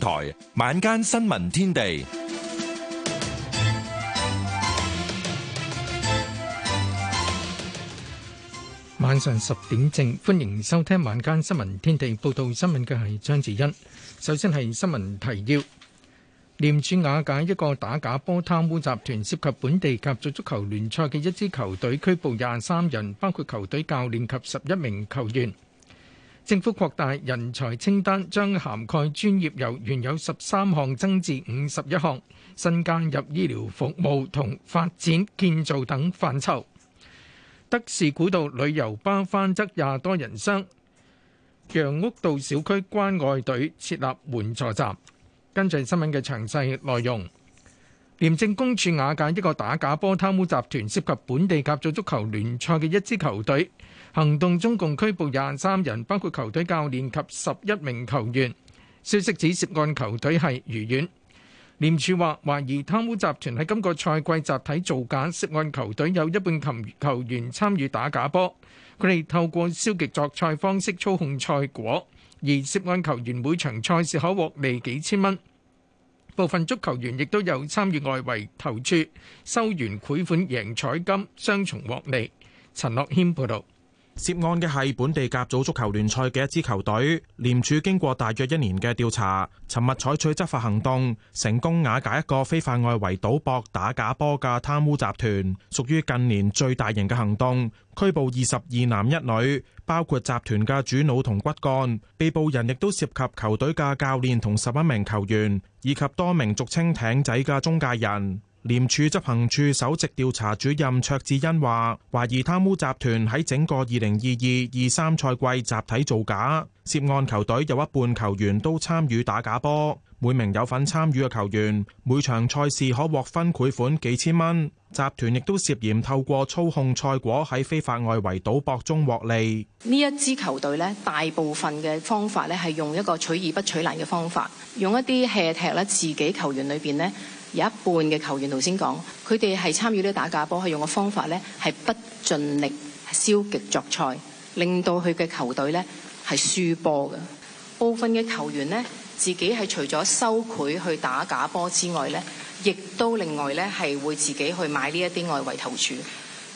台晚間新聞天地，晚上十點正，歡迎收聽晚間新聞天地。報道新聞嘅係張智欣。首先係新聞提要：廉署瓦解一個打假波貪污集團，涉及本地甲組足球聯賽嘅一支球隊，拘捕廿三人，包括球隊教練及十一名球員。政府擴大人才清單，將涵蓋專業由原有十三項增至五十一項，新加入醫療服務同發展建造等範疇。德士古道旅遊巴翻側廿多人傷，楊屋道小區關愛隊設立援助站。跟住新聞嘅詳細內容，廉政公署瓦解一個打假波貪污集團，涉及本地甲組足球聯賽嘅一支球隊。行動中共拘捕廿三人，包括球隊教練及十一名球員。消息指涉案球隊係愉園。廉署話，懷疑貪污集團喺今個賽季集體造假，涉案球隊有一半球球員參與打假波。佢哋透過消極作賽方式操控賽果，而涉案球員每場賽事可獲利幾千蚊。部分足球員亦都有參與外圍投注，收完賄款贏彩金，雙重獲利。陳樂軒報導。涉案嘅係本地甲組足球聯賽嘅一支球隊，廉署經過大約一年嘅調查，尋日採取執法行動，成功瓦解一個非法外圍賭博打假波嘅貪污集團，屬於近年最大型嘅行動。拘捕二十二男一女，包括集團嘅主腦同骨幹，被捕人亦都涉及球隊嘅教練同十一名球員，以及多名俗稱艇仔嘅中介人。廉署執行處首席調查主任卓志恩話，懷疑貪污集團喺整個二零二二二三賽季集體造假，涉案球隊有一半球員都參與打假波，每名有份參與嘅球員，每場賽事可獲分賄款幾千蚊。集團亦都涉嫌透過操控賽果喺非法外圍賭博中獲利。呢一支球隊呢，大部分嘅方法呢係用一個取易不取難嘅方法，用一啲 hea 踢呢自己球員裏邊呢。有一半嘅球員，頭先講，佢哋係參與呢打假波，佢用嘅方法呢係不盡力、消極作賽，令到佢嘅球隊呢係輸波嘅。部分嘅球員呢，自己係除咗收賄去打假波之外呢，亦都另外呢係會自己去買呢一啲外圍投注，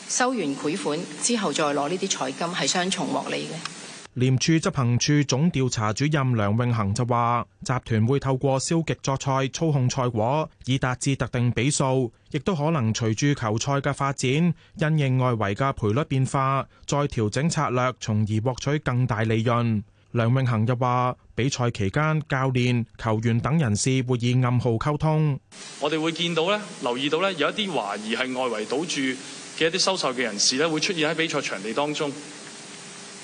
收完賄款之後再攞呢啲彩金，係雙重獲利嘅。廉署執行處總調查主任梁永恒就話：集團會透過消極作賽操控賽果，以達至特定比數；亦都可能隨住球賽嘅發展，因應外圍嘅賠率變化，再調整策略，從而獲取更大利潤。梁永恒又話：比賽期間，教練、球員等人士會以暗號溝通。我哋會見到咧，留意到咧，有一啲懷疑係外圍賭注嘅一啲收受嘅人士咧，會出現喺比賽場地當中。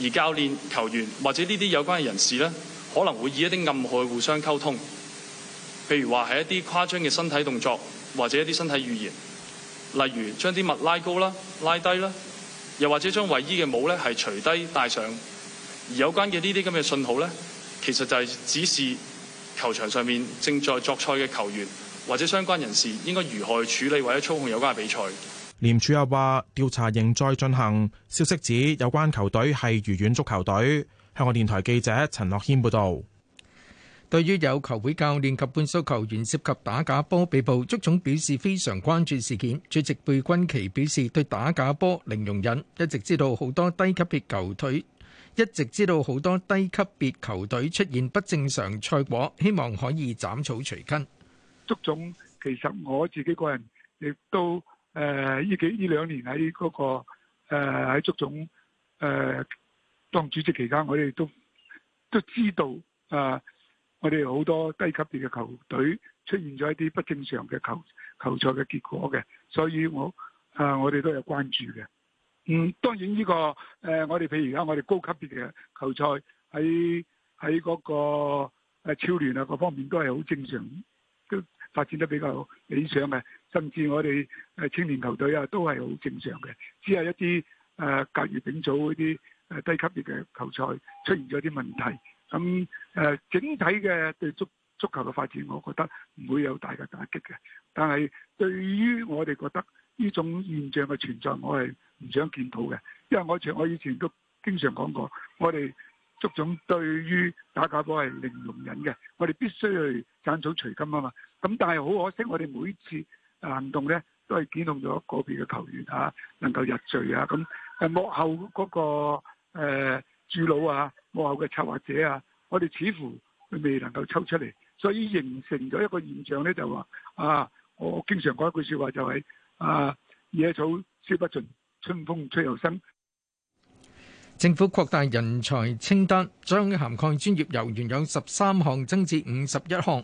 而教練球員或者呢啲有關嘅人士咧，可能會以一啲暗號互相溝通，譬如話係一啲誇張嘅身體動作，或者一啲身體語言，例如將啲物拉高啦、拉低啦，又或者將衛衣嘅帽咧係除低戴上。而有關嘅呢啲咁嘅信號咧，其實就係指示球場上面正在作賽嘅球員或者相關人士應該如何去處理或者操控有關嘅比賽。廉署又話調查仍在進行。消息指有關球隊係愉園足球隊。香港電台記者陳樂謙報道。對於有球會教練及半數球員涉及打假波被捕，足總表示非常關注事件。主席貝君奇表示對打假波零容忍，一直知道好多低級別球隊一直知道好多低級別球隊出現不正常賽果，希望可以斬草除根。足總其實我自己個人亦都。誒，呢幾呢兩年喺嗰、那個誒喺、呃、足總誒、呃、當主席期間我，我哋都都知道啊、呃，我哋好多低級別嘅球隊出現咗一啲不正常嘅球球賽嘅結果嘅，所以我啊、呃、我哋都有關注嘅。嗯，當然呢、這個誒，呃、我哋譬如而家我哋高級別嘅球賽喺喺嗰個誒超聯啊，各方面都係好正常，都發展得比較理想嘅。甚至我哋誒青年球隊啊，都係好正常嘅，只係一啲誒、啊、隔月丙組嗰啲誒低級別嘅球賽出現咗啲問題。咁誒、啊、整體嘅對足足球嘅發展，我覺得唔會有大嘅打擊嘅。但係對於我哋覺得呢種現象嘅存在，我係唔想見到嘅。因為我前我以前都經常講過，我哋足總對於打假波係零容忍嘅，我哋必須去斬草除根啊嘛。咁但係好可惜，我哋每次行動咧都係檢控咗個別嘅球員啊，能夠入罪啊！咁誒幕後嗰個誒主腦啊，幕後嘅策劃者啊，我哋似乎佢未能夠抽出嚟，所以形成咗一個現象咧，就話啊，我經常講一句説話就係啊，野草燒不盡，春風吹又生。政府擴大人才清單，將涵蓋專業由原有十三項，增至五十一項。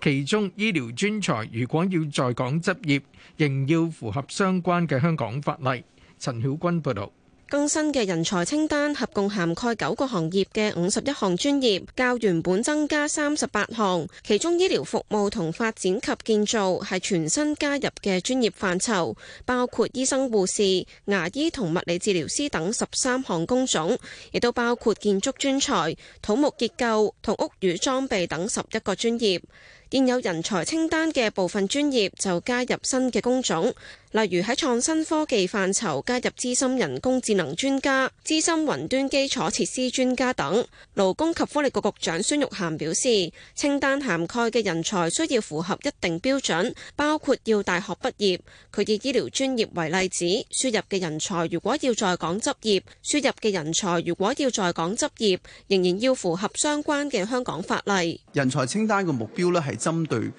其中，醫療專才如果要在港執業，仍要符合相關嘅香港法例。陳曉君報導。更新嘅人才清單合共涵蓋九個行業嘅五十一項專業，較原本增加三十八項，其中醫療服務同發展及建造係全新加入嘅專業範疇，包括醫生、護士、牙醫同物理治療師等十三項工種，亦都包括建築專才、土木結構同屋宇裝備等十一個專業。現有人才清單嘅部分專業就加入新嘅工種。例如喺創新科技範疇加入資深人工智能專家、資深雲端基礎設施專家等。勞工及福利局局長孫玉菡表示，清單涵蓋嘅人才需要符合一定標準，包括要大學畢業。佢以醫療專業為例子，輸入嘅人才如果要在港執業，輸入嘅人才如果要在港執業，仍然要符合相關嘅香港法例。人才清單嘅目標咧，係針對。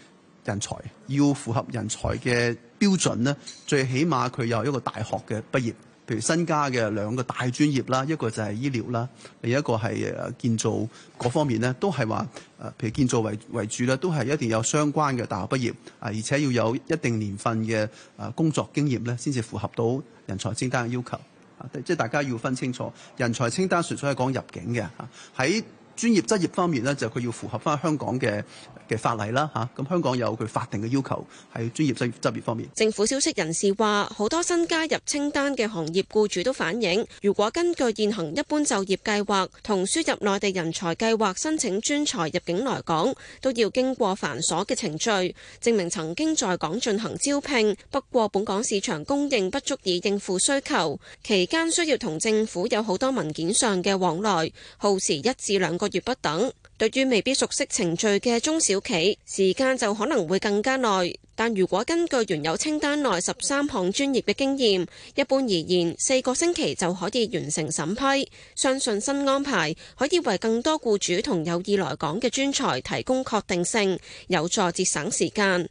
人才要符合人才嘅標準咧，最起碼佢有一個大學嘅畢業，譬如新加嘅兩個大專業啦，一個就係醫療啦，另一個係建造嗰方面咧，都係話誒譬如建造為為主咧，都係一定有相關嘅大學畢業啊，而且要有一定年份嘅誒工作經驗咧，先至符合到人才清單嘅要求啊，即係大家要分清楚，人才清單純粹係講入境嘅吓，喺。專業執業方面呢，就佢要符合翻香港嘅嘅法例啦嚇。咁香港有佢法定嘅要求喺專業執執業方面。政府消息人士話，好多新加入清單嘅行業僱主都反映，如果根據現行一般就業計劃同輸入內地人才計劃申請專才入境來港，都要經過繁瑣嘅程序，證明曾經在港進行招聘。不過本港市場供應不足以應付需求，期間需要同政府有好多文件上嘅往來，耗時一至兩個個月不等，對於未必熟悉程序嘅中小企，時間就可能會更加耐。但如果根據原有清單內十三項專業嘅經驗，一般而言，四個星期就可以完成審批。相信新安排可以為更多僱主同有意來港嘅專才提供確定性，有助節省時間。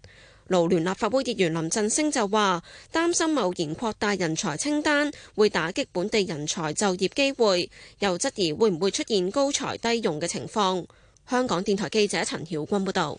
勞聯立法會議員林振昇就話，擔心貿然擴大人才清單會打擊本地人才就業機會，又質疑會唔會出現高才低用嘅情況。香港電台記者陳曉君報道。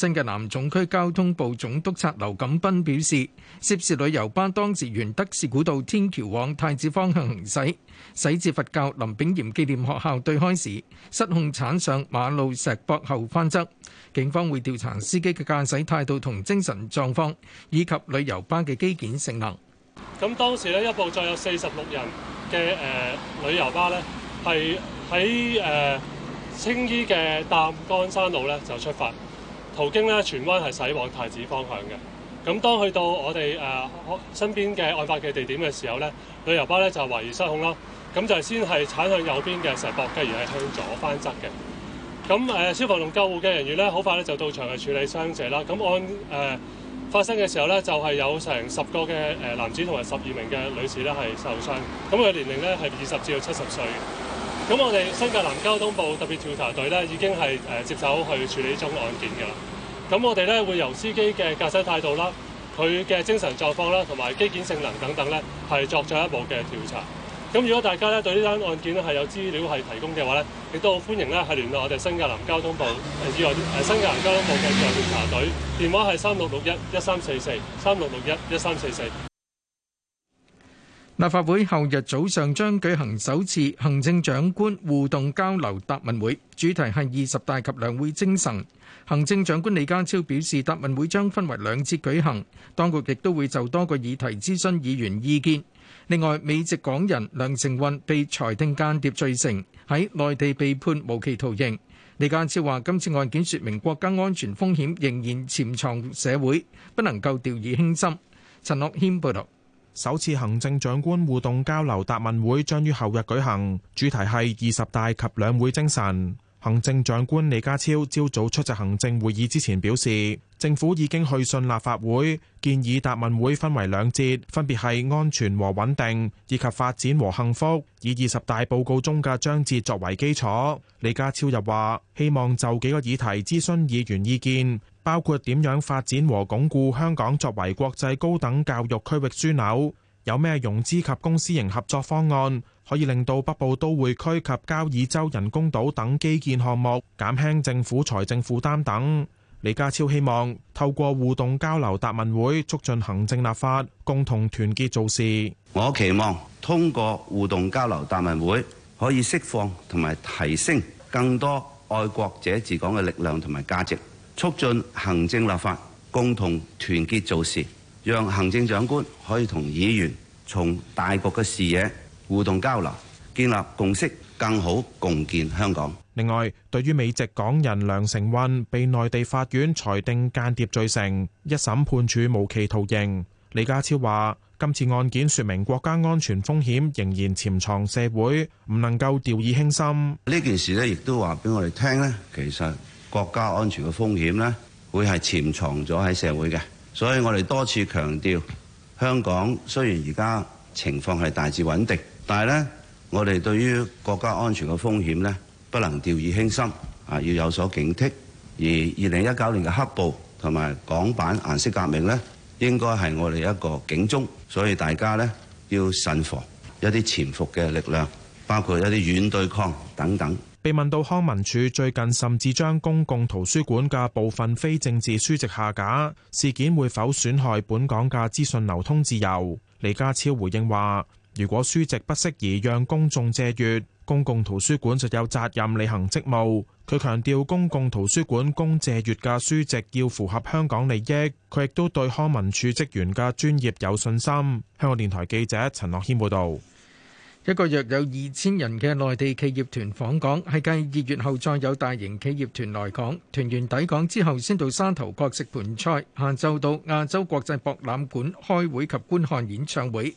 新界南總區交通部總督察劉錦斌表示，涉事旅遊巴當時沿德士古道天橋往太子方向行駛，駛至佛教林炳炎紀念學校對開時失控，鏟上馬路石壆後翻側，警方會調查司機嘅駕駛態度同精神狀況以及旅遊巴嘅機件性能。咁當時咧，一部載有四十六人嘅誒旅遊巴咧，係喺誒青衣嘅擔桿山路咧就出發。途經咧荃灣係駛往太子方向嘅，咁當去到我哋誒、呃、身邊嘅案發嘅地點嘅時候咧，旅遊巴咧就懷疑失控咯，咁就係先係踩向右邊嘅石膊，繼而係向左翻側嘅。咁誒、呃、消防同救護嘅人員咧，好快咧就到場去處理傷者啦。咁案誒、呃、發生嘅時候咧，就係、是、有成十個嘅誒男子同埋十二名嘅女士咧係受傷，咁佢嘅年齡咧係二十至到七十歲。咁我哋新界南交通部特別調查隊咧，已經係誒接手去處理呢宗案件嘅啦。咁我哋咧會由司機嘅駕駛態度啦、佢嘅精神狀況啦、同埋機件性能等等咧，係作進一步嘅調查。咁如果大家咧對呢單案件咧係有資料係提供嘅話咧，亦都好歡迎咧係聯絡我哋新界南交通部意外誒新界南交通部嘅調查隊，電話係三六六一一三四四三六六一一三四四。立法會後日早上將舉行首次行政長官互動交流答問會，主題係二十大及兩會精神。行政長官李家超表示，答問會將分為兩節舉行，當局亦都會就多個議題諮詢議員意見。另外，美籍港人梁成運被裁定間諜罪成，喺內地被判無期徒刑。李家超話：今次案件説明國家安全風險仍然潛藏社會，不能夠掉以輕心。陳樂軒報道。首次行政長官互動交流答問會將於後日舉行，主題係二十大及兩會精神。行政長官李家超朝早出席行政會議之前表示，政府已經去信立法會，建議答問會分為兩節，分別係安全和穩定，以及發展和幸福，以二十大報告中嘅章節作為基礎。李家超又話，希望就幾個議題諮詢議員意見，包括點樣發展和鞏固香港作為國際高等教育區域樞紐，有咩融資及公私營合作方案。可以令到北部都會區及交椅洲人工島等基建項目減輕政府財政負擔等。李家超希望透過互動交流答問會，促進行政立法，共同團結做事。我期望通過互動交流答問會，可以釋放同埋提升更多愛國者治港嘅力量同埋價值，促進行政立法，共同團結做事，讓行政長官可以同議員從大局嘅視野。互動交流，建立共識，更好共建香港。另外，對於美籍港人梁成運被內地法院裁定間諜罪成，一審判處無期徒刑，李家超話：今次案件説明國家安全風險仍然潛藏社會，唔能夠掉以輕心。呢件事呢，亦都話俾我哋聽呢，其實國家安全嘅風險呢，會係潛藏咗喺社會嘅，所以我哋多次強調，香港雖然而家情況係大致穩定。但係呢，我哋對於國家安全嘅風險呢，不能掉以輕心啊！要有所警惕。而二零一九年嘅黑暴同埋港版顏色革命呢，應該係我哋一個警鐘，所以大家呢，要慎防一啲潛伏嘅力量，包括一啲軟對抗等等。被問到康文署最近甚至將公共圖書館嘅部分非政治書籍下架事件，會否損害本港嘅資訊流通自由？李家超回應話。如果書籍不適宜讓公眾借閱，公共圖書館就有責任履行職務。佢強調，公共圖書館供借閱嘅書籍要符合香港利益。佢亦都對康文署職員嘅專業有信心。香港電台記者陳樂軒報導，一個約有二千人嘅內地企業團訪港，係繼二月後再有大型企業團來港。團員抵港之後，先到沙頭角食盆菜，下晝到亞洲國際博覽館開會及觀看演唱會。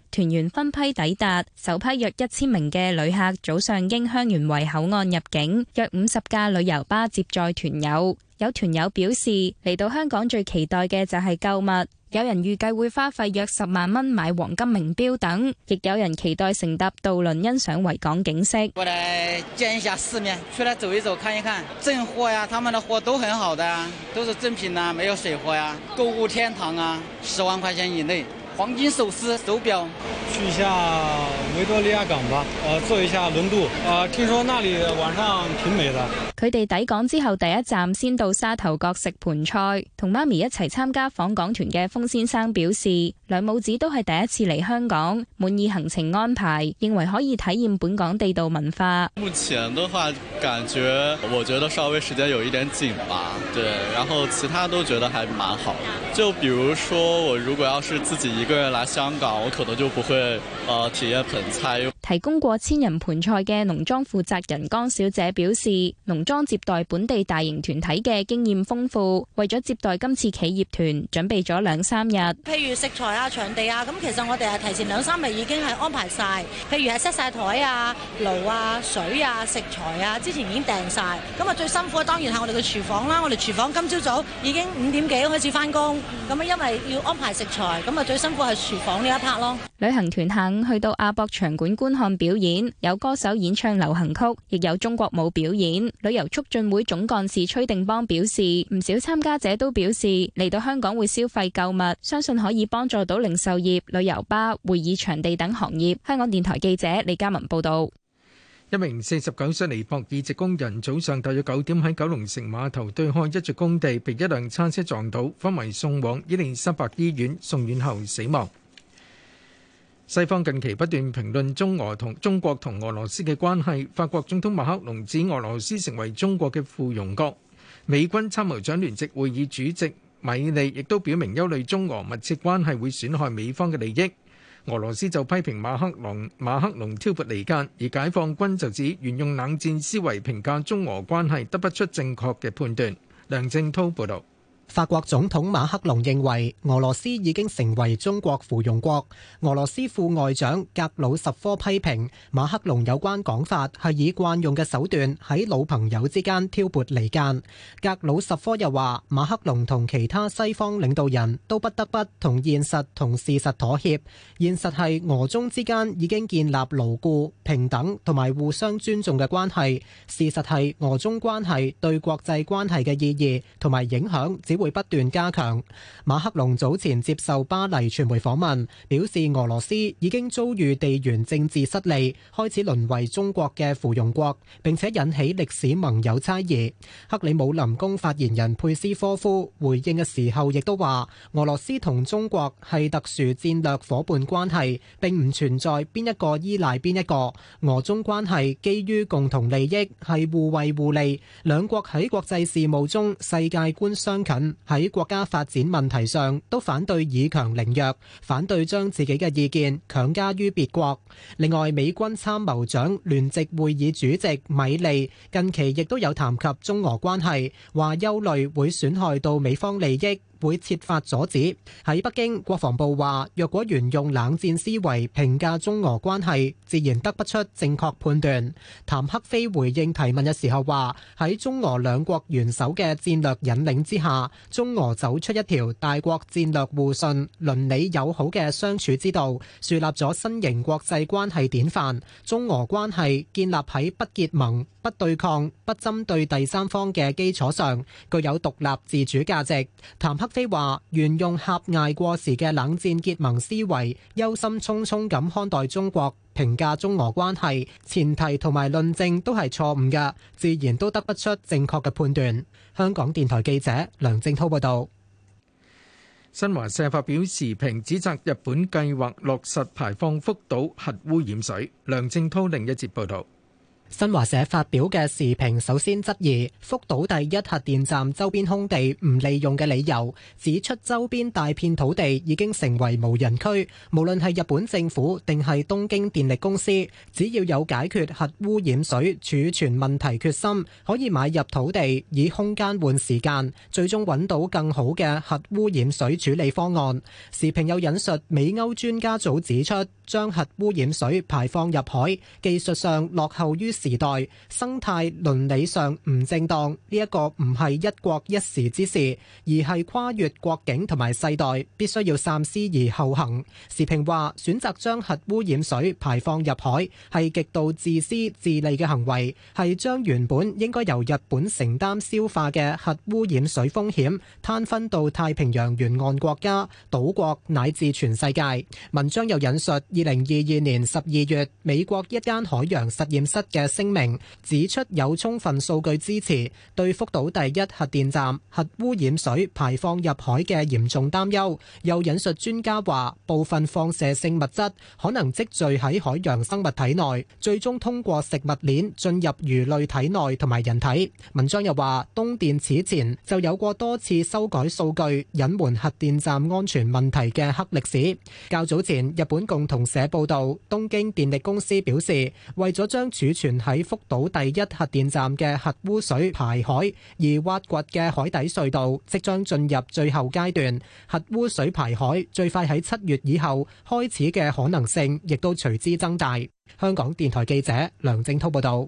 團員分批抵達，首批約一千名嘅旅客早上經香園圍口岸入境，約五十架旅遊巴接載團友。有團友表示嚟到香港最期待嘅就係購物，有人預計會花費約十萬蚊買黃金名表等，亦有人期待乘搭渡輪欣賞維港景色。我來見一下市面，出來走一走看一看，正貨呀、啊，他們的貨都很好的、啊，都是正品啦、啊，沒有水貨呀、啊，購物天堂啊，十萬塊錢以內。黃金首飾、手錶，去一下維多利亞港吧，呃，坐一下輪渡，啊、呃，聽說那裡晚上挺美的。佢哋抵港之後第一站先到沙頭角食盆菜，同媽咪一齊參加訪港團嘅封先生表示，兩母子都係第一次嚟香港，滿意行程安排，認為可以體驗本港地道文化。目前的話，感覺我覺得稍微時間有一點緊吧，對，然後其他都覺得還蠻好，就比如說我如果要是自己一個。個人來香港，我可能就不會，呃，體驗盆菜。提供過千人盆菜嘅農莊負責人江小姐表示，農莊接待本地大型團體嘅經驗豐富，為咗接待今次企業團，準備咗兩三日。譬如食材啊、場地啊，咁其實我哋係提前兩三日已經係安排晒，譬如係 set 晒台啊、爐啊、水啊、食材啊，之前已經訂晒。咁啊，最辛苦當然係我哋嘅廚房啦。我哋廚房今朝早早已經五點幾開始翻工，咁啊，因為要安排食材，咁啊，最辛苦。都係廚房呢一 part 咯。旅行團下午去到亞博場館觀看表演，有歌手演唱流行曲，亦有中國舞表演。旅遊促進會總幹事崔定邦表示，唔少參加者都表示嚟到香港會消費購物，相信可以幫助到零售業、旅遊巴、會議場地等行業。香港電台記者李嘉文報道。一名四十九歲尼泊爾籍工人早上大約九點喺九龍城碼頭對開一座工地，被一輛叉車撞倒，昏迷送往伊利沙伯醫院，送院後死亡。西方近期不斷評論中俄同中國同俄羅斯嘅關係，法國總統馬克龍指俄羅斯成為中國嘅附庸國，美軍參謀長聯席會議主席米利亦都表明憂慮中俄密切關係會損害美方嘅利益。俄羅斯就批評馬克龍，馬克龍挑撥離間，而解放軍就指沿用冷戰思維評價中俄關係得不出正確嘅判斷。梁正滔報導。法國總統馬克龍認為俄羅斯已經成為中國附庸國。俄羅斯副外長格魯什科批評馬克龍有關講法係以慣用嘅手段，喺老朋友之間挑撥離間。格魯什科又話：馬克龍同其他西方領導人都不得不同現實同事實妥協。現實係俄中之間已經建立牢固，平等同埋互相尊重嘅關係。事實係俄中關係對國際關係嘅意義同埋影響會不斷加強。馬克龍早前接受巴黎傳媒訪問，表示俄羅斯已經遭遇地緣政治失利，開始淪為中國嘅附庸國，並且引起歷史盟友猜疑。克里姆林宮發言人佩斯科夫回應嘅時候亦都話，俄羅斯同中國係特殊戰略夥伴關係，並唔存在邊一個依賴邊一個。俄中關係基於共同利益，係互惠互利，兩國喺國際事務中世界觀相近。喺國家發展問題上，都反對以強凌弱，反對將自己嘅意見強加於別國。另外，美軍參謀長聯席會議主席米利近期亦都有談及中俄關係，話憂慮會損害到美方利益，會設法阻止。喺北京，國防部話：若果沿用冷戰思維評價中俄關係，自然得不出正確判斷。譚克非回應提問嘅時候話：喺中俄兩國元首嘅戰略引領之下，中俄走出一條大國戰略互信、鄰里友好嘅相處之道，樹立咗新型國際關係典範。中俄關係建立喺不結盟、不對抗、不針對第三方嘅基礎上，具有獨立自主價值。譚克非話沿用狹隘過時嘅冷戰結盟思維，憂心忡忡咁看待中國，評價中俄關係。前提同埋論證都係錯誤嘅，自然都得不出正確嘅判斷。香港電台記者梁正滔報道。新華社發表時評，指責日本計劃落實排放福島核污染水。梁正滔另一節報道。新華社發表嘅時評首先質疑福島第一核電站周邊空地唔利用嘅理由，指出周邊大片土地已經成為無人區，無論係日本政府定係東京電力公司，只要有解決核污染水儲存問題決心，可以買入土地以空間換時間，最終揾到更好嘅核污染水處理方案。時評又引述美歐專家組指出，將核污染水排放入海技術上落後於。時代生態倫理上唔正當，呢、這、一個唔係一國一時之事，而係跨越國境同埋世代，必須要三思而後行。時評話，選擇將核污染水排放入海係極度自私自利嘅行為，係將原本應該由日本承擔消化嘅核污染水風險攤分到太平洋沿岸國家、島國乃至全世界。文章又引述二零二二年十二月美國一間海洋實驗室嘅。聲明指出有充分數據支持對福島第一核電站核污染水排放入海嘅嚴重擔憂，又引述專家話，部分放射性物質可能積聚喺海洋生物體內，最終通過食物鏈進入魚類體內同埋人體。文章又話東電此前就有過多次修改數據、隱瞞核電站安全問題嘅黑歷史。較早前日本共同社報道，東京電力公司表示為咗將儲存喺福島第一核電站嘅核污水排海而挖掘嘅海底隧道即將進入最後階段，核污水排海最快喺七月以後開始嘅可能性，亦都隨之增大。香港電台記者梁正濤報道。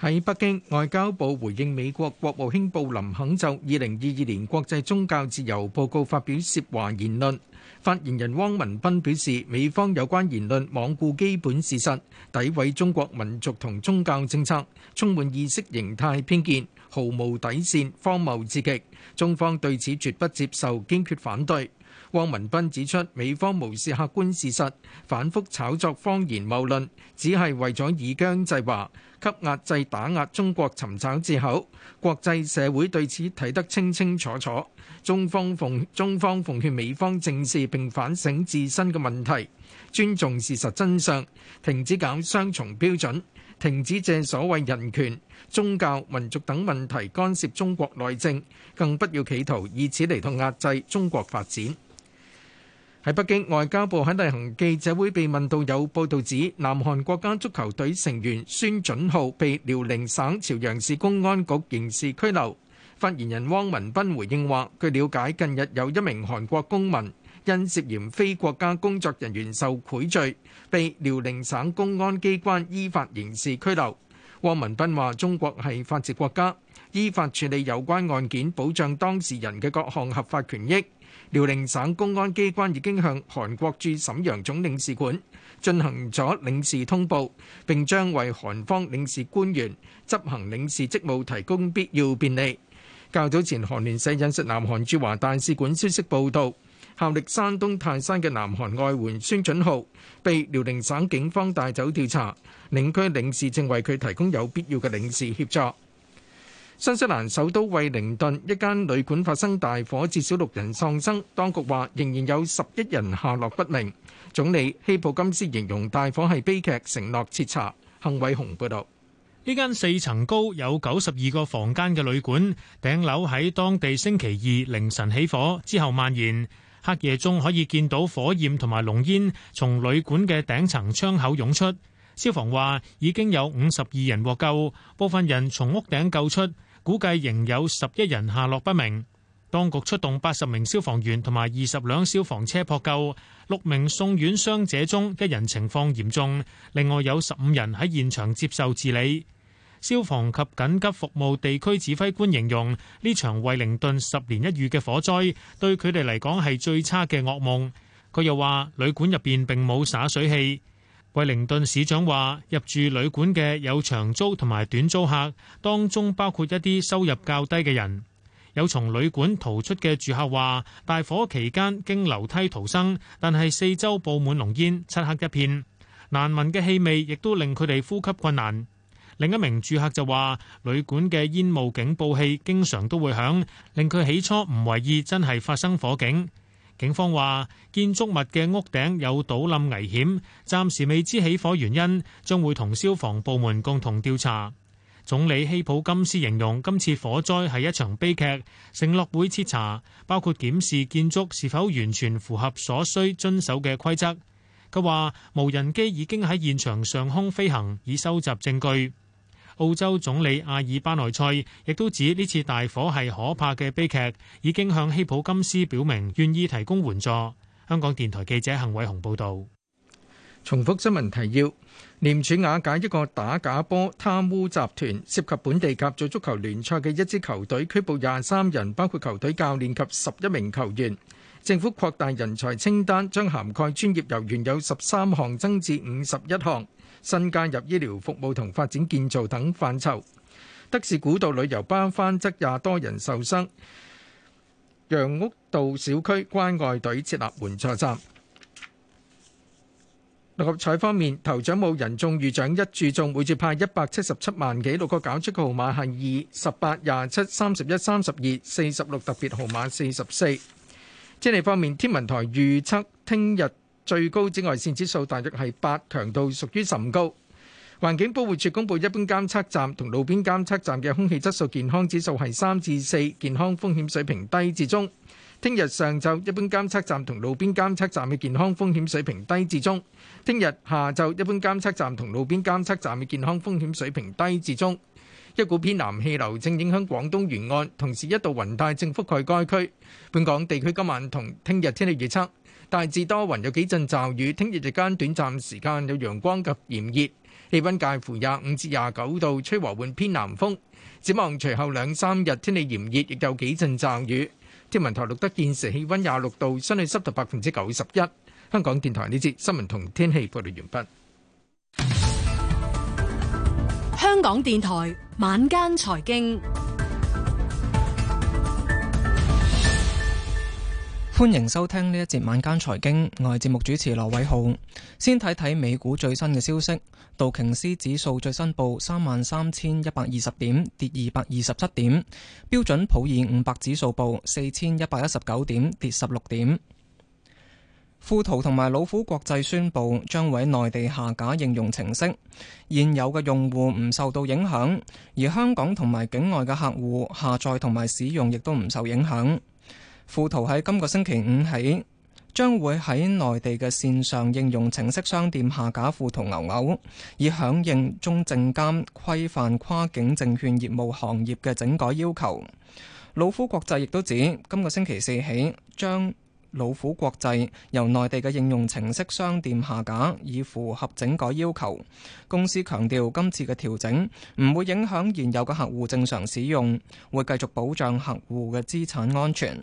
喺北京，外交部回應美國國務卿布林肯就二零二二年國際宗教自由報告發表涉華言論。發言人汪文斌表示，美方有關言論罔顧基本事實，詆毀中國民族同宗教政策，充滿意識形態偏見，毫無底線，荒謬至極。中方對此絕不接受，堅決反對。汪文斌指出，美方無視客觀事實，反复炒作謊言謬論，只係為咗以疆制華、給壓制打壓中國，尋找借口。國際社會對此睇得清清楚楚。中方奉中方奉勸美方正視並反省自身嘅問題，尊重事實真相，停止搞雙重標準，停止借所謂人權、宗教、民族等問題干涉中國內政，更不要企圖以此嚟到壓制中國發展。喺北京外交部喺例行記者會，被問到有報道指南韓國家足球隊成員孫準浩被遼寧省朝陽市公安局刑事拘留，發言人汪文斌回應話：據了解近日有一名韓國公民因涉嫌非國家工作人員受賄罪被遼寧省公安機關依法刑事拘留。汪文斌話：中國係法治國家，依法處理有關案件，保障當事人嘅各項合法權益。遼寧省公安機關已經向韓國駐沈陽總領事館進行咗領事通報，並將為韓方領事官員執行領事職務提供必要便利。較早前韓聯社引述南韓駐華大使館消息報導，效力山東泰山嘅南韓外援孫準浩被遼寧省警方帶走調查，領區領事正為佢提供有必要嘅領事協助。新西蘭首都惠靈頓一間旅館發生大火，至少六人喪生。當局話仍然有十一人下落不明。總理希普金斯形容大火係悲劇，承諾徹查。幸偉雄報道：呢間四層高、有九十二個房間嘅旅館，頂樓喺當地星期二凌晨起火，之後蔓延。黑夜中可以見到火焰同埋濃煙從旅館嘅頂層窗口湧出。消防話已經有五十二人獲救，部分人從屋頂救出。估計仍有十一人下落不明，當局出動八十名消防員同埋二十輛消防車撲救。六名送院傷者中，一人情況嚴重，另外有十五人喺現場接受治理。消防及緊急服務地區指揮官形容呢場惠靈頓十年一遇嘅火災對佢哋嚟講係最差嘅噩夢。佢又話旅館入邊並冇灑水器。惠靈頓市長話：入住旅館嘅有長租同埋短租客，當中包括一啲收入較低嘅人。有從旅館逃出嘅住客話：大火期間經樓梯逃生，但係四周佈滿濃煙，漆黑一片，難聞嘅氣味亦都令佢哋呼吸困難。另一名住客就話：旅館嘅煙霧警報器經常都會響，令佢起初唔為意真係發生火警。警方話：建築物嘅屋頂有倒冧危險，暫時未知起火原因，將會同消防部門共同調查。總理希普金斯形容今次火災係一場悲劇，承諾會徹查，包括檢視建築是否完全符合所需遵守嘅規則。佢話：無人機已經喺現場上空飛行，已收集證據。澳洲總理阿爾巴內塞亦都指呢次大火係可怕嘅悲劇，已經向希普金斯表明願意提供援助。香港電台記者幸偉雄報道。重複新聞提要：廉署瓦解一個打假波貪污集團，涉及本地甲組足球聯賽嘅一支球隊拘捕廿三人，包括球隊教練及十一名球員。政府擴大人才清單，將涵蓋專業球員，由十三項增至五十一項。新加入醫療服務同發展建造等範疇。德士古道旅遊巴翻側廿多人受傷。楊屋道小區關愛隊設立援助站。六合彩方面，頭獎冇人中，預獎一注中，每注派一百七十七萬幾。六個搞出嘅號碼係二十八、廿七、三十一、三十二、四十六，特別號碼四十四。天氣方面，天文台預測聽日。最高紫外線指數大約係八，強度屬於甚高。環境保護署公布一般監測站同路邊監測站嘅空氣質素健康指數係三至四，健康風險水平低至中。聽日上晝一般監測站同路邊監測站嘅健康風險水平低至中。聽日下晝一般監測站同路邊監測站嘅健康風險水平低至中。一股偏南氣流正影響廣東沿岸，同時一道雲帶正覆蓋該區。本港地區今晚同聽日天氣預測。大致多雲，有幾陣驟雨。聽日日間短暫時間有陽光及炎熱，氣温介乎廿五至廿九度，吹和緩偏南風。展望隨後兩三日天氣炎熱，亦有幾陣驟雨。天文台錄得現時氣温廿六度，相對濕度百分之九十一。香港電台呢節新聞同天氣報道完畢。香港電台晚間財經。歡迎收聽呢一節晚間財經，我係節目主持羅偉浩。先睇睇美股最新嘅消息，道瓊斯指數最新報三萬三千一百二十點，跌二百二十七點；標準普爾五百指數報四千一百一十九點，跌十六點。富途同埋老虎國際宣佈將會喺內地下架應用程式，現有嘅用戶唔受到影響，而香港同埋境外嘅客戶下載同埋使用亦都唔受影響。富途喺今個星期五起將會喺內地嘅線上應用程式商店下架富途牛牛，以響應中證監規範跨境證券業務行業嘅整改要求。老虎國際亦都指，今個星期四起將老虎國際由內地嘅應用程式商店下架，以符合整改要求。公司強調，今次嘅調整唔會影響現有嘅客戶正常使用，會繼續保障客戶嘅資產安全。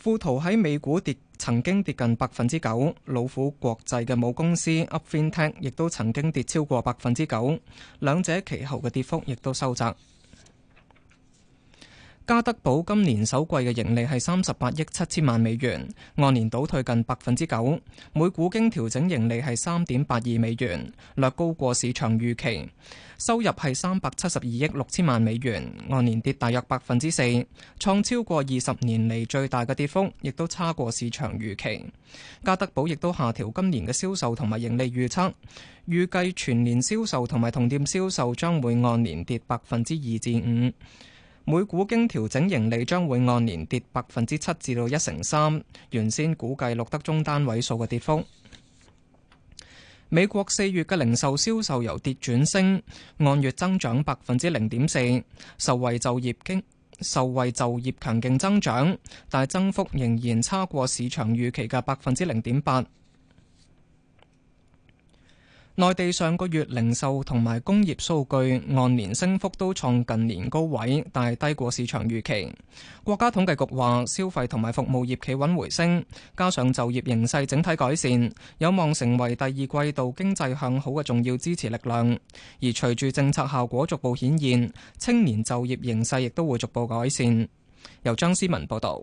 富途喺美股跌，曾經跌近百分之九；老虎國際嘅母公司 UP Fintech 亦都曾經跌超過百分之九，兩者其後嘅跌幅亦都收窄。家得寶今年首季嘅盈利係三十八億七千萬美元，按年倒退近百分之九，每股經調整盈利係三點八二美元，略高過市場預期。收入係三百七十二億六千萬美元，按年跌大約百分之四，創超過二十年嚟最大嘅跌幅，亦都差過市場預期。家得寶亦都下調今年嘅銷售同埋盈利預測，預計全年銷售同埋同店銷售將會按年跌百分之二至五。每股經調整盈利將會按年跌百分之七至到一成三，原先估計錄得中單位數嘅跌幅。美國四月嘅零售銷售由跌轉升，按月增長百分之零點四，受惠就業經受惠就業強勁增長，但增幅仍然差過市場預期嘅百分之零點八。內地上個月零售同埋工業數據按年升幅都創近年高位，但係低過市場預期。國家統計局話，消費同埋服務業企穩回升，加上就業形勢整體改善，有望成為第二季度經濟向好嘅重要支持力量。而隨住政策效果逐步顯現，青年就業形勢亦都會逐步改善。由張思文報導。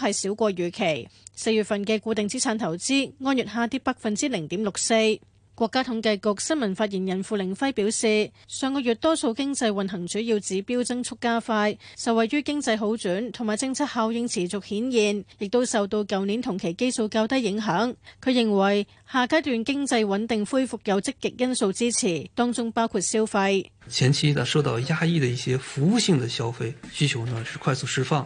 係少過預期。四月份嘅固定資產投資按月下跌百分之零點六四。國家統計局新聞發言人付凌暉表示，上個月多數經濟運行主要指標增速加快，受惠於經濟好轉同埋政策效應持續顯現，亦都受到舊年同期基數較低影響。佢認為下階段經濟穩定恢復有積極因素支持，當中包括消費。前期受到壓抑嘅一些服務性嘅消費需求呢是快速釋放。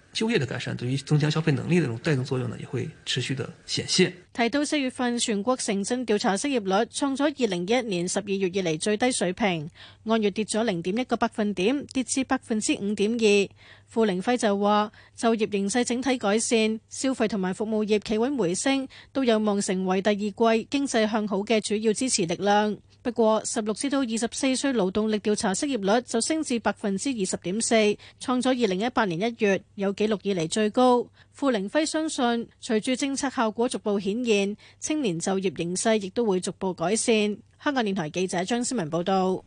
就業嘅改善對於增加消費能力嘅這種帶動作用呢，也會持續嘅顯現。提到四月份全國城鎮調查失業率創咗二零一一年十二月以嚟最低水平，按月跌咗零點一個百分點，跌至百分之五點二。傅凌輝就話，就業形勢整體改善，消費同埋服務業企穩回升，都有望成為第二季經濟向好嘅主要支持力量。不過，十六至到二十四歲勞動力調查失業率就升至百分之二十點四，創咗二零一八年一月有記錄以嚟最高。傅玲輝相信，隨住政策效果逐步顯現，青年就業形勢亦都會逐步改善。香港電台記者張思文報道。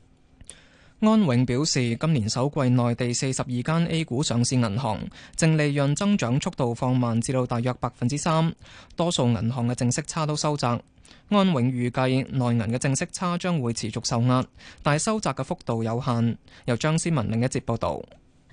安永表示，今年首季內地四十二間 A 股上市銀行淨利潤增長速度放慢，至到大約百分之三，多數銀行嘅淨息差都收窄。安永預計內銀嘅淨息差將會持續受壓，但係收窄嘅幅度有限。由張思文另一節報道，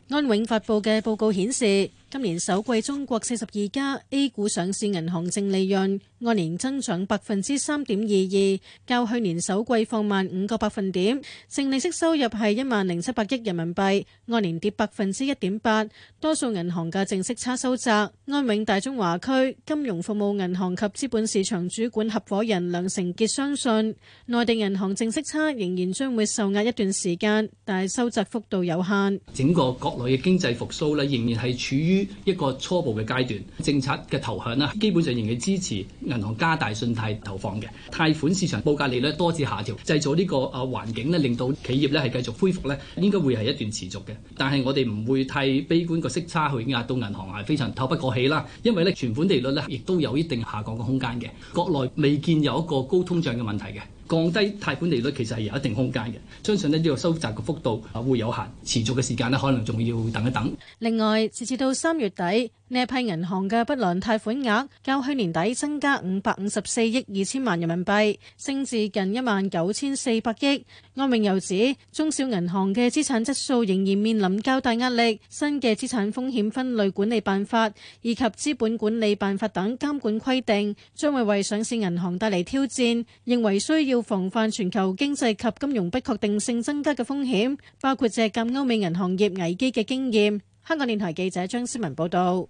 安永發布嘅報告顯示。今年首季中國四十二家 A 股上市銀行淨利潤按年增長百分之三點二二，較去年首季放慢五個百分點。淨利息收入係一萬零七百億人民幣，按年跌百分之一點八。多數銀行嘅淨息差收窄。安永大中華區金融服務銀行及資本市場主管合夥人梁成傑相信，內地銀行淨息差仍然將會受壓一段時間，但係收窄幅度有限。整個國內嘅經濟復甦咧，仍然係處於，一個初步嘅階段，政策嘅投向啦，基本上仍然支持銀行加大信貸投放嘅，貸款市場報價利率多次下調，製造呢個啊環境咧，令到企業咧係繼續恢復咧，應該會係一段持續嘅。但係我哋唔會太悲觀個息差去壓到銀行係非常透不過氣啦，因為咧存款利率呢亦都有一定下降嘅空間嘅，國內未見有一個高通脹嘅問題嘅。降低貸款利率其實係有一定空間嘅，相信咧呢個收窄嘅幅度會有限，持續嘅時間咧可能仲要等一等。另外，截至到三月底，呢一批銀行嘅不良貸款額較去年底增加五百五十四億二千萬人民幣，升至近一萬九千四百億。安永又指中小銀行嘅資產質素仍然面臨較大壓力，新嘅資產風險分類管理辦法以及資本管理辦法等監管規定將會為上市銀行帶嚟挑戰，認為需要防範全球經濟及金融不確定性增加嘅風險，包括借鑑歐美銀行業危機嘅經驗。香港電台記者張思文報道。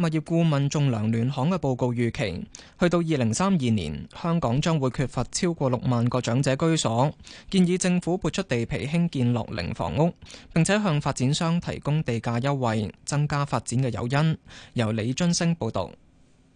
物業顧問仲量聯行嘅報告預期，去到二零三二年，香港將會缺乏超過六萬個長者居所，建議政府撥出地皮興建樂齡房屋，並且向發展商提供地價優惠，增加發展嘅誘因。由李津星報道。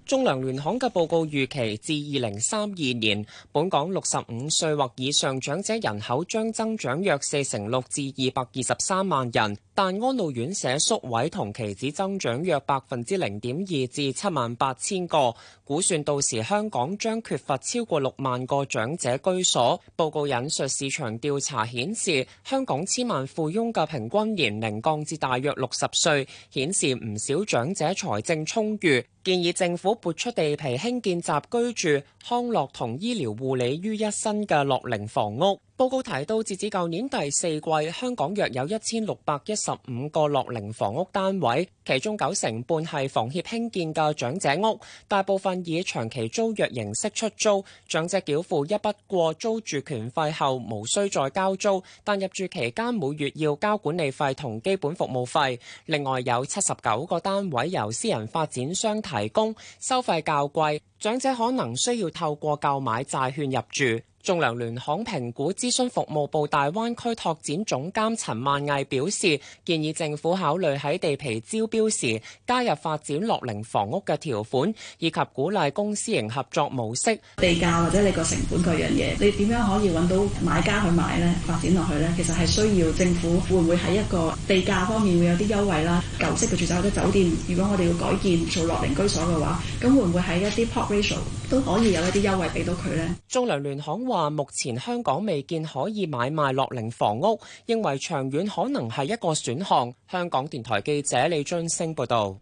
中糧聯行嘅報告預期，至二零三二年，本港六十五歲或以上長者人口將增長約四成六至二百二十三萬人，但安老院舍宿位同期只增長約百分之零點二至七萬八千個，估算到時香港將缺乏超過六萬個長者居所。報告引述市場調查顯示，香港千萬富翁嘅平均年齡降至大約六十歲，顯示唔少長者財政充裕。建議政府撥出地皮興建集居住、康樂同醫療護理於一身嘅樂齡房屋。報告提到，截至舊年第四季，香港約有一千六百一十五個樂齡房屋單位，其中九成半係房協興建嘅長者屋，大部分以長期租約形式出租。長者繳付一筆過租住權費後無需再交租，但入住期間每月要交管理費同基本服務費，另外有七十九個單位由私人發展商提供，收費較貴，長者可能需要透過購買債券入住。仲量聯行評估諮詢服務部大灣區拓展總監陳萬毅表示，建議政府考慮喺地皮招標時加入發展樂齡房屋嘅條款，以及鼓勵公私營合作模式。地價或者你個成本嗰樣嘢，你點樣可以揾到買家去買呢？發展落去呢，其實係需要政府會唔會喺一個地價方面會有啲優惠啦？舊式嘅住宅或者酒店，如果我哋要改建做樂齡居所嘅話，咁會唔會喺一啲 plot ratio 都可以有一啲優惠俾到佢咧？仲量聯行。話目前香港未見可以買賣落零房屋，認為長遠可能係一個選項。香港電台記者李俊升報道。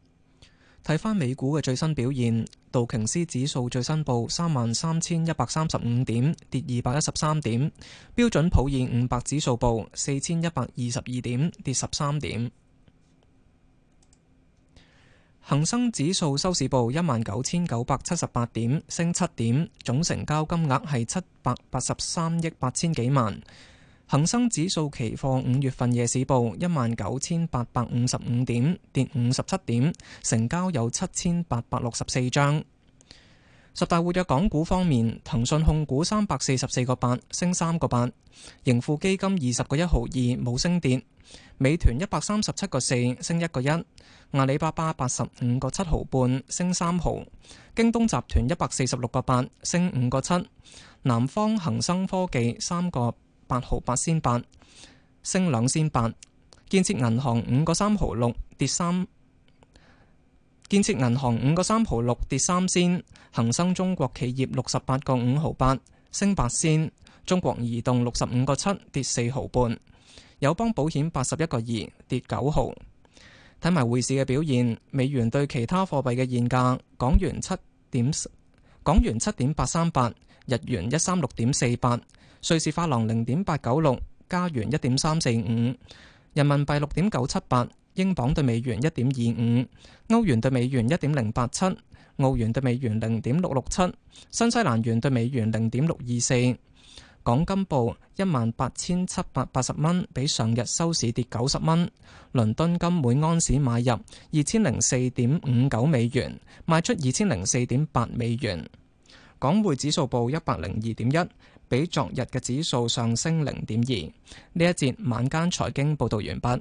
睇返美股嘅最新表現，道瓊斯指數最新報三萬三千一百三十五點，跌二百一十三點，標準普爾五百指數報四千一百二十二點，跌十三點。恒生指數收市報一萬九千九百七十八點，升七點，總成交金額係七百八十三億八千幾萬。恒生指數期貨五月份夜市報一萬九千八百五十五點，跌五十七點，成交有七千八百六十四張。十大活躍港股方面，騰訊控股三百四十四個八升三個八，盈富基金二十個一毫二冇升跌，美團一百三十七個四升一個一，阿里巴巴八十五個七毫半升三毫，京東集團一百四十六個八升五個七，南方恒生科技三個八毫八仙八升兩仙八，建設銀行五個三毫六跌三。建設銀行五個三毫六跌三仙，恒生中國企業六十八個五毫八升八仙，中國移動六十五個七跌四毫半，友邦保險八十一個二跌九毫。睇埋匯市嘅表現，美元對其他貨幣嘅現價，港元七點，港元七點八三八，日元一三六點四八，瑞士法郎零點八九六，加元一點三四五，人民幣六點九七八。英鎊兌美元一點二五，歐元兌美元一點零八七，澳元兌美元零點六六七，新西蘭元兌美元零點六二四。港金報一萬八千七百八十蚊，比上日收市跌九十蚊。倫敦金每安士買入二千零四點五九美元，賣出二千零四點八美元。港匯指數報一百零二點一，比昨日嘅指數上升零點二。呢一節晚間財經報道完畢。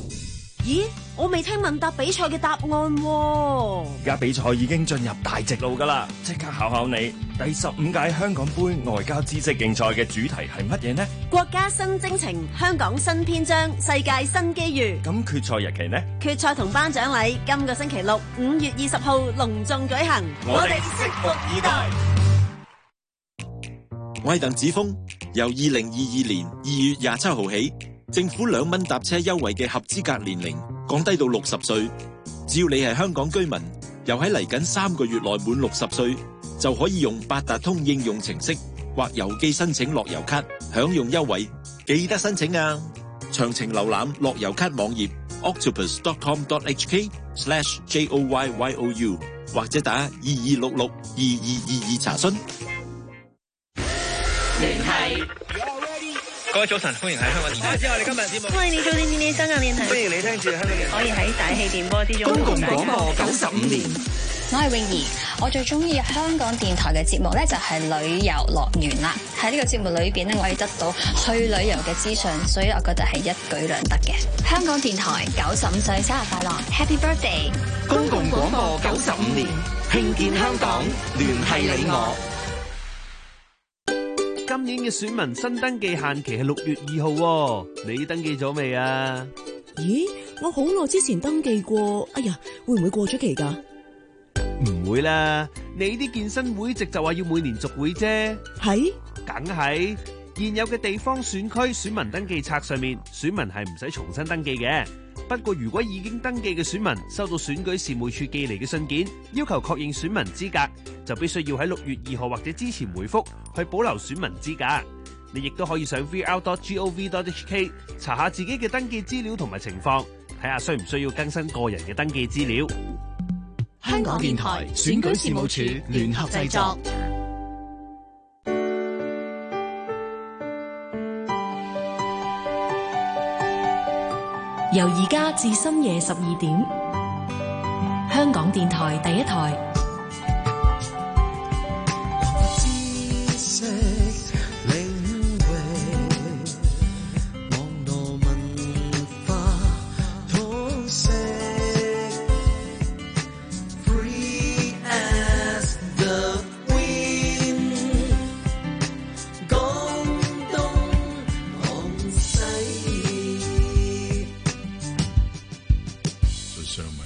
咦，我未聽問答比賽嘅答案，哦。而家比賽已經進入大直路噶啦，即刻考考你。第十五屆香港杯外交知識競賽嘅主題係乜嘢呢？國家新征程，香港新篇章，世界新機遇。咁決賽日期呢？決賽同頒獎禮今個星期六五月二十號隆重舉行，我哋拭目以待。拜我係鄧子峰，由二零二二年二月廿七號起。政府兩蚊搭車優惠嘅合資格年齡降低到六十歲，只要你係香港居民，又喺嚟緊三個月內滿六十歲，就可以用八達通應用程式或郵寄申請樂悠咭，享用優惠。記得申請啊！詳情瀏覽樂悠咭網頁 octopus.com.hk/slash joyyou，或者打二二六六二二二二查詢聯繫。各位早晨，歡迎喺香港電台。我哋今日節目，歡迎你，歡迎你！歡迎你聽住香港電台。可以喺大氣電波之中。公共廣播九十五年。我係泳兒，我最中意香港電台嘅節目咧就係旅遊樂園啦。喺呢個節目裏邊咧，我可以得到去旅遊嘅資訊，所以我覺得係一舉兩得嘅。香港電台九十五歲生日快樂，Happy Birthday！公共廣播九十五年，慶建香港，聯繫你我。今年嘅選民新登記限期係六月二號，你登記咗未啊？咦，我好耐之前登記過，哎呀，會唔會過咗期㗎？唔會啦，你啲健身會籍就話要每年續會啫，係？梗係，現有嘅地方選區選民登記冊上面，選民係唔使重新登記嘅。不過，如果已經登記嘅選民收到選舉事務處寄嚟嘅信件，要求確認選民資格，就必須要喺六月二號或者之前回覆去保留選民資格。你亦都可以上 vr.gov.hk 查下自己嘅登記資料同埋情況，睇下需唔需要更新個人嘅登記資料。香港電台選舉事務處聯合製作。由而家至深夜十二點，香港電台第一台。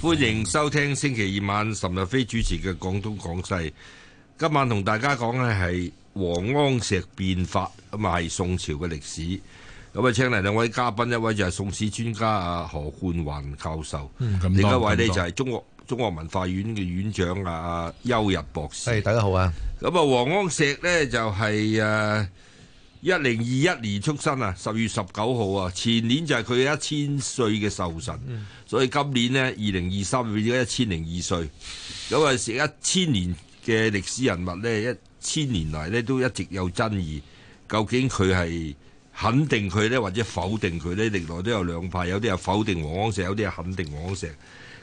歡迎收聽星期二晚岑日飛主持嘅《廣東廣西》。今晚同大家講嘅係王安石變法，同埋係宋朝嘅歷史。咁啊，請嚟兩位嘉賓，一位就係宋史專家啊何冠環教授，嗯、另一位呢就係中國中國文化院嘅院長啊邱日博士。大家好啊！咁、就是、啊，王安石呢就係誒。一零二一年出生啊，十月十九號啊，前年就係佢一千歲嘅壽辰，嗯、所以今年呢，二零二三年變咗一千零二歲，咁啊成一千年嘅歷史人物呢，一千年來呢都一直有爭議，究竟佢係肯定佢呢，或者否定佢呢？歷來都有兩派，有啲係否定王安石，有啲係肯定王安石。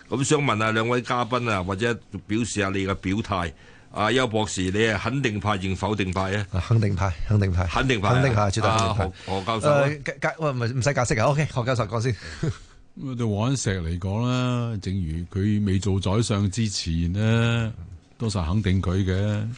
咁想問下兩位嘉賓啊，或者表示下你嘅表態。阿邱博士，你係肯定派定否定派啊？肯定派，肯定派，肯定派，肯定係絕對肯定派。何，何教授、啊，唔唔使解釋、呃、啊。OK，何教授講先講、 嗯。對王安石嚟講啦，正如佢未做宰相之前咧，多數係肯定佢嘅。